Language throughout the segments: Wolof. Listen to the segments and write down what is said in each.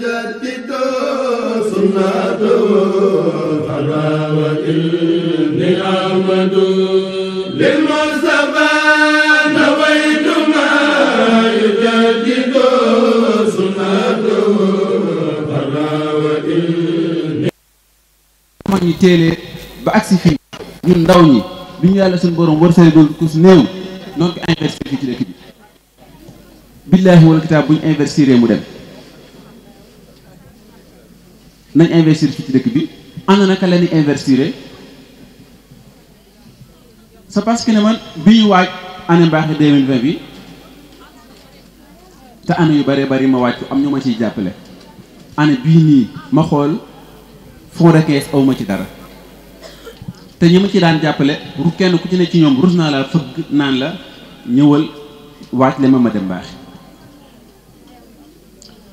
نجدد سنته فلا وإني أحمد للمصطفى نويت ما ba agsi fii ñun ndaw ñi bi ñu yàlla suñu borom wërsëgul ku si néew noonu ko investir fii ci dëkk billaahi wal kitaab bu ñu investiree mu dem nañ investir fii ci dëkk bi ana naka la ñuy investir c'est parce que ne man bi ñu waaj année mbaaxe 2020 bi te année yu bëree bëri ma waaj am ñoo ma ciy jàppale année bii nii ma xool fond de caisse ma ci dara te ñi ma ciy daan jàppale ru kenn ku ci ne ci ñoom rus naa laal fëgg naan la ñëwal waaj le ma ma dem mbaaxe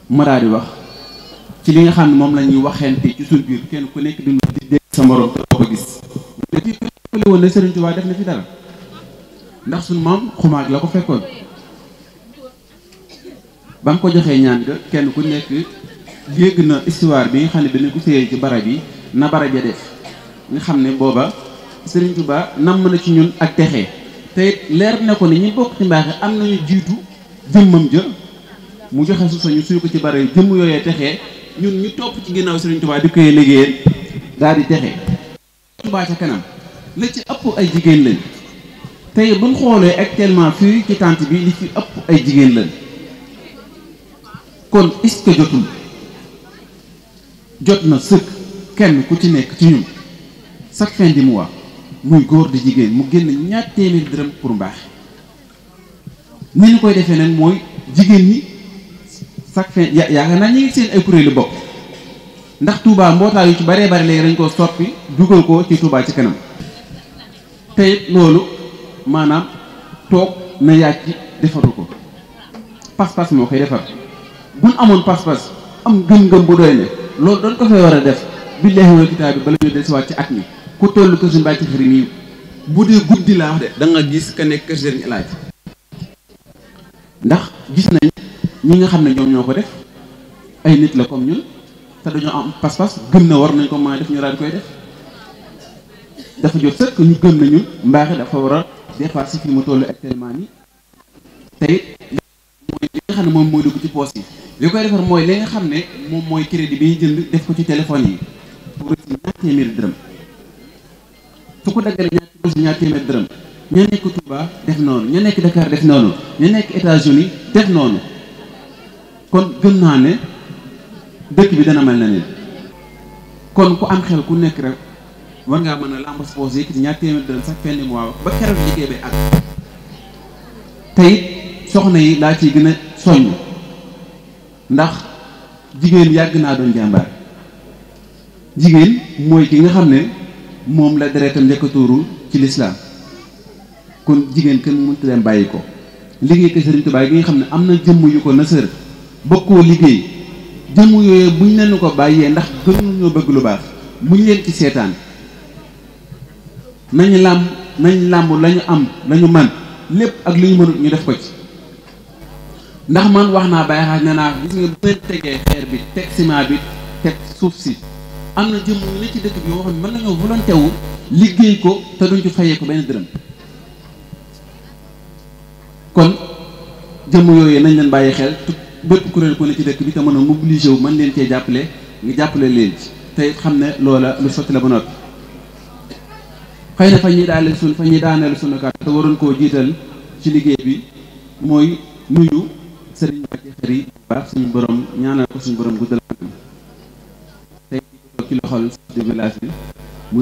ma daal di wax ci li nga xam ne moom la ñuy waxeente ci suñu biir kenn ku nekk di dégg sa morom te doo ko gis da ci fekkoon woon ne Serigne Touba def na ci dara ndax suñu moom xumaag la ko fekkoon ba mu ko joxee ñaan ga kenn ku nekk yégg na histoire bi nga xam ne dina ko séyee ci barab na barab ya def nga xam ne booba Serigne Touba namm na ci ñun ak texee te leer ne ko ni ñi bokk ci mbaaxe am nañu jiitu jëmmam jë mu joxe su sañu suy ko ci barab yi jëmm yooyee texee ñun ñu topp ci ginnaaw Serigne Touba di koy liggéeyal daal di texe Touba ca kanam la ci ay jigéen lañ tey buñ xoolee actuellement fii ci tànt bi li ci ëpp ay jigéen lañ kon est jotul jot na sëkk kenn ku ci nekk ci ñun chaque fin du mois muy góor di jigéen mu génn ñaat téeméer dërëm pour mbaax ni ñu koy defee nag mooy jigéen ñi chaque fin ya yaa nga naan ñu ngi seen ay kuréelu bopp ndax Touba mbootaay yu ci baree bari léegi dañ koo soppi dugal ko ci Touba ci kanam te it loolu maanaam toog na yàgg defaru ko pas-pas moo koy defar buñ amoon pas-pas am gëm-gëm bu doy ne loolu doon ko fay war a def billaahi wal kitaab bi bala ñu desiwaat ci at mi ku toll ko suñu bàcc xëri nii bu dee guddi laa wax de da nga gis ka nekk kër Serigne El Hadj ndax gis nañ ñi nga xam ne ñoom ñoo ko def ay nit la comme ñun te dañoo am pas-pas gëm na war nañ ko maa a def ñu daan koy def dafa jot sëkk ñu gëm nañu mbaaxe dafa war a dépasser si fi mu toll actuellement nii te mooy li nga xam ne moom mooy dugg ci yi li koy defar mooy li nga xam ne moom crédit bi ñu jënd def ko ci téléphone yi pour si ñaar téeméeri dërëm ko daggalee ñaar pour si ñaar téeméeri dërëm ña nekk Touba def noonu ña nekk Dakar def noonu ña nekk états def noonu kon gëm naa ne dëkk bi dana mel na ni kon ku am xel ku nekk rek war ngaa mën a lamb sa poos yëkkati ñaar téeméer dërëm sax fenn mois ba keroog liggéey bay ak tey soxna yi laa ci gën a soññ ndax jigéen yàgg naa doon jàmbaar jigéen mooy ki nga xam ne moom la deretam njëkk tuuru ci lislaam kon jigéen kenn mënut leen bàyyi ko liggéey ko Sëriñ Tuubaa bi nga xam ne am na jëmm yu ko nasër bokkoo liggéey jëmm yooyu buñ leen ko bàyyee ndax gënuñu ñoo bëgg lu baax muñ leen ci seetaan nañ làmb nañ làmb lañu am lañu man lépp ak li ñu ñu def ko ci ndax man wax naa bàyyi xaaj ne naa gis nga bu leen tegee xeer bi teg ciment bi teg suuf si am na jëmm yu ne ci liggéey ko te ci fayee ko benn dërëm kon jëmm nañ leen bàyyi xel bëpp kuréel ku ne ci dëkk bi te mën a mobiliser wu mën leen cee jàppale nga jàppale leen ci te xam ne loola lu sotti la ba noppi xëy na fa ñi daaneel sun fa te waroon koo jiital ci liggéey bi mooy nuyu sëriñ Mbacke Xari baax suñu borom ñaanal ko suñu borom guddal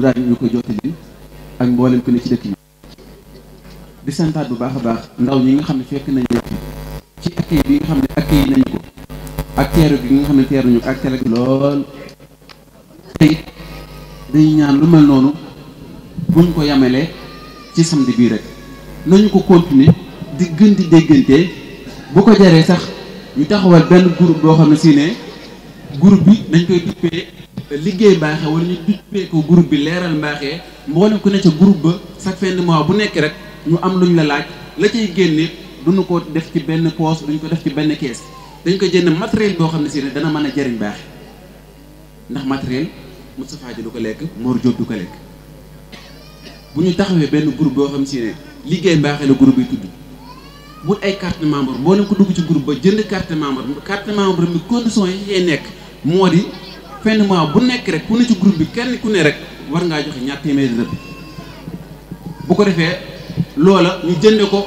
daal ñu ko jottali ak mboolem ku ne ci dëkk bi di santaat bu baax a baax ndaw ñi nga xam ne fekk nañu ci accueil bi nga xam ne ak yi nañu ko ak teeru bi nga xam ne teeru nañu ko ak teeru lool tey dañu ñaan lu mel noonu buñ ko yamalee ci samedi bii rek nañu ko continuer di gën di déggante bu ko jaree sax ñu taxawal benn groupe boo xam ne si ne groupe bi dañ koy duppee liggéey mbaaxee wala ñu duppee ko groupe bi leeral mbaaxee mboolem ku ne ca groupe ba chaque fin bu nekk rek ñu am luñ la laaj la cay génne duñu ko def ci benn poos duñ ko def ci benn kees dañ ko jënd matériel boo xam ne si ne dana mën a jariñ baax ndax matériel Moustapha ji du ko lekk Mor Diop du ko lekk bu ñu taxawee benn groupe boo xam si ne liggéey mbaaxee la groupe yi tudd wut ay carte membre boo leen ko dugg ci groupe ba jënd carte membre carte membre mi condition yi yee nekk moo di fin de bu nekk rek ku ne ci groupe bi kenn ku ne rek war ngaa joxe ñaar téeméeri rëbb bu ko defee loola ñu jënde ko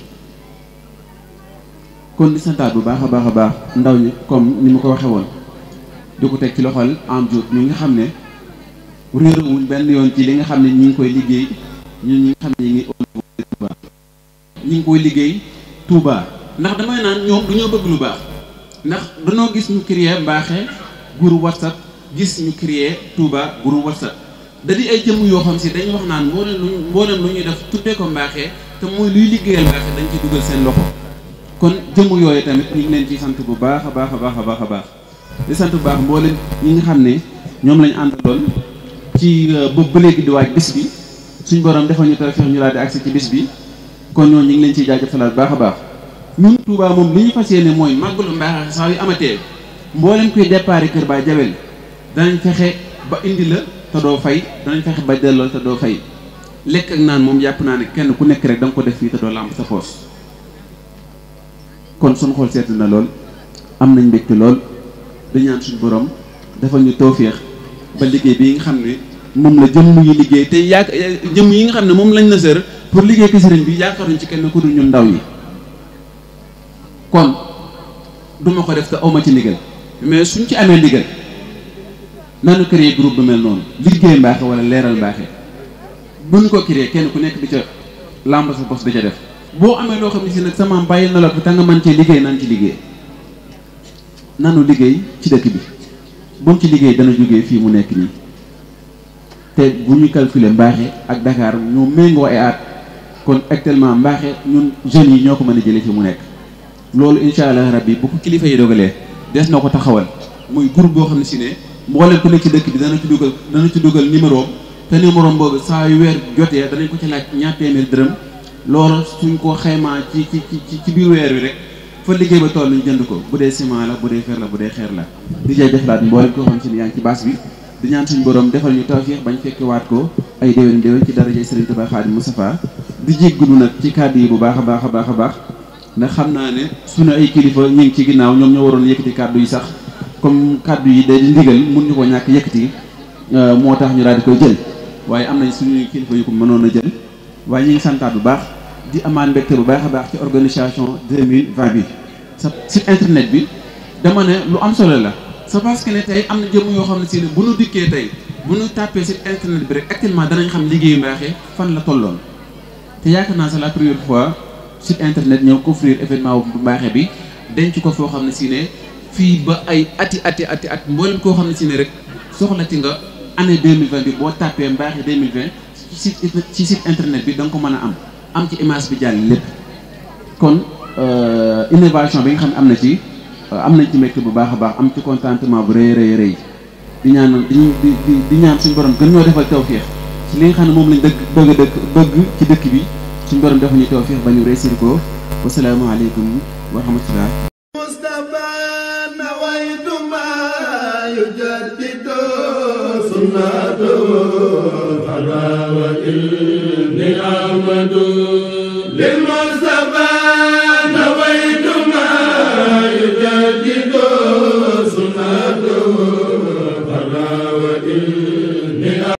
kon di santaat bu baax a baax a baax ndaw ñi comme ni mu ko waxee woon di teg ci loxol am jot ñi nga xam ne réerawuñ benn yoon ci li nga xam ne ñi ngi koy liggéey ñun ñi nga xam ne ñi ngi Touba ngi koy liggéey Touba ndax damay naan ñoom du ñoo bëgg lu baax ndax dañoo gis ñu créer mbaaxee groupe WhatsApp gis ñu créer Touba groupe WhatsApp da di ay jëmm yoo xam si dañ wax naan mboolem lu mboolem lu ñuy def tuddee ko mbaaxee te mooy luy liggéeyal mbaaxee dañ ci dugal seen loxo kon jëmm yooyu tamit ñu leen ci sant bu baax a baax a baax a baax a baax di sant bu baax mboolem ñi nga xam ne ñoom lañ àndaloon ci euh, boobu ba léegi di waaj bis bi suñ boroom defal ñu tawfeex ñu daal di agsi ci bis bi kon ñooñu ñu ngi leen ciy jaajëfalaat baax a baax ñun Touba moom li ñu fas yéene mooy màggalu mbaax saa yu amatee mboolem kuy déparé Kër Baay Jabel danañ fexe ba indi la te doo fay danañ fexe ba delloo te doo fay lekk ak naan moom yàpp naa ne kenn ku nekk rek da nga def fii te doo làmb kon suñu xol sedd na lool am nañ mbégte lool di ñaan suñu borom dafa ñu tawféex ba liggéey bi nga xam ne moom la jëm yi liggéey te yaak jëm yi nga xam ne moom lañ na sër pour liggéey ko sëriñ bi yaakaaruñ ci kenn ku dul ñun ndaw yi kon duma ko def te awma ci ndigal mais suñ ci amee ndigal nanu créer groupe bu mel noonu liggéey mbaaxe wala leeral mbaaxe buñ ko créer kenn ku nekk di ca làmb sa bos di ca def boo amee loo xam ne si nag sama maam na la ko te nga mën liggéey nan ci liggéey nanu liggéey ci dëkk bi bu ci liggéey dana jógee fii mu nekk nii te bu ñu calculer mbaaxe ak Dakar ñu méngoo ay at kon actuellement mbaaxe ñun jeunes yi ñoo ko mën a jëlee mu nekk loolu incha allah rabbi bu ko kilifa yi dogalee des na ko taxawal muy groupe boo xam ne si ne mboolem ku nekk ci dëkk bi dana ci dugal dana ci dugal numéro te numéro boobu saa yu weer jotee danañ ko ci laaj ñaar dërëm. loolu suñ ko xaymaa ci ci ci ci biir weer wi rek fa liggéey ba toll ñu jënd ko bu dee ciment la bu dee fer la bu dee xeer la di jay defalaat mboolem koo xam si ne yaa ngi ci baas bi di ñaan suñu borom defal ñu tawfeex bañ fekki waat ko ay déwén déwén ci daraja Serigne Touba Khadim Moustapha di jéggalu nag ci kàddu yi bu baax a baax a baax a baax ndax xam naa ne suñu ay kilifa ñu ngi ci ginnaaw ñoom ñoo waroon yëkkati kàddu yi sax comme kàddu yi day di mun ñu ko ñàkk yëkkati euh, moo tax ñu daal di koy jël waaye am nañ suñu kilifa yu ko mënoon a jël wañi santa bu baax di amane mbekté bu baax baax ci organisation 2020 bi sa internet bi dama ne lu am solo la c'est parce que ne tey am na jëmm yoo xam bu nu dikkee tey bu nu tàppee site internet bi rek actuellement danañ xam liggéeyu Mbacké fan la tolloon te yaakaar naa c'est la première fois site internet ñëw couvrir événement bu Mbacké bi denc ko fo xamné ci ne fi ba ay ati ati ati at mbolim ko xamné ci ne rek soxna soxlati nga année 2020 bo tapé mbaxé 2020 ci ci site internet bi da nga ko mën a am am ci image bi jàll lépp kon euh, innovation bi nga xam ne am na ci euh, am nañ ci mekk bu baax a baax am ci contentement bu rëy rëy di ñaan di di di ñaan suñu borom gën ñoo defal tawféex ci li nga xam ne moom lañ dëgg bëgg dëkk bëgg ci dëkk bi suñu borom defuñu tawféex ba ñu réussir ko wasalaamaaleykum wa rahmatullah. sunnatu fada wa ilmi amadu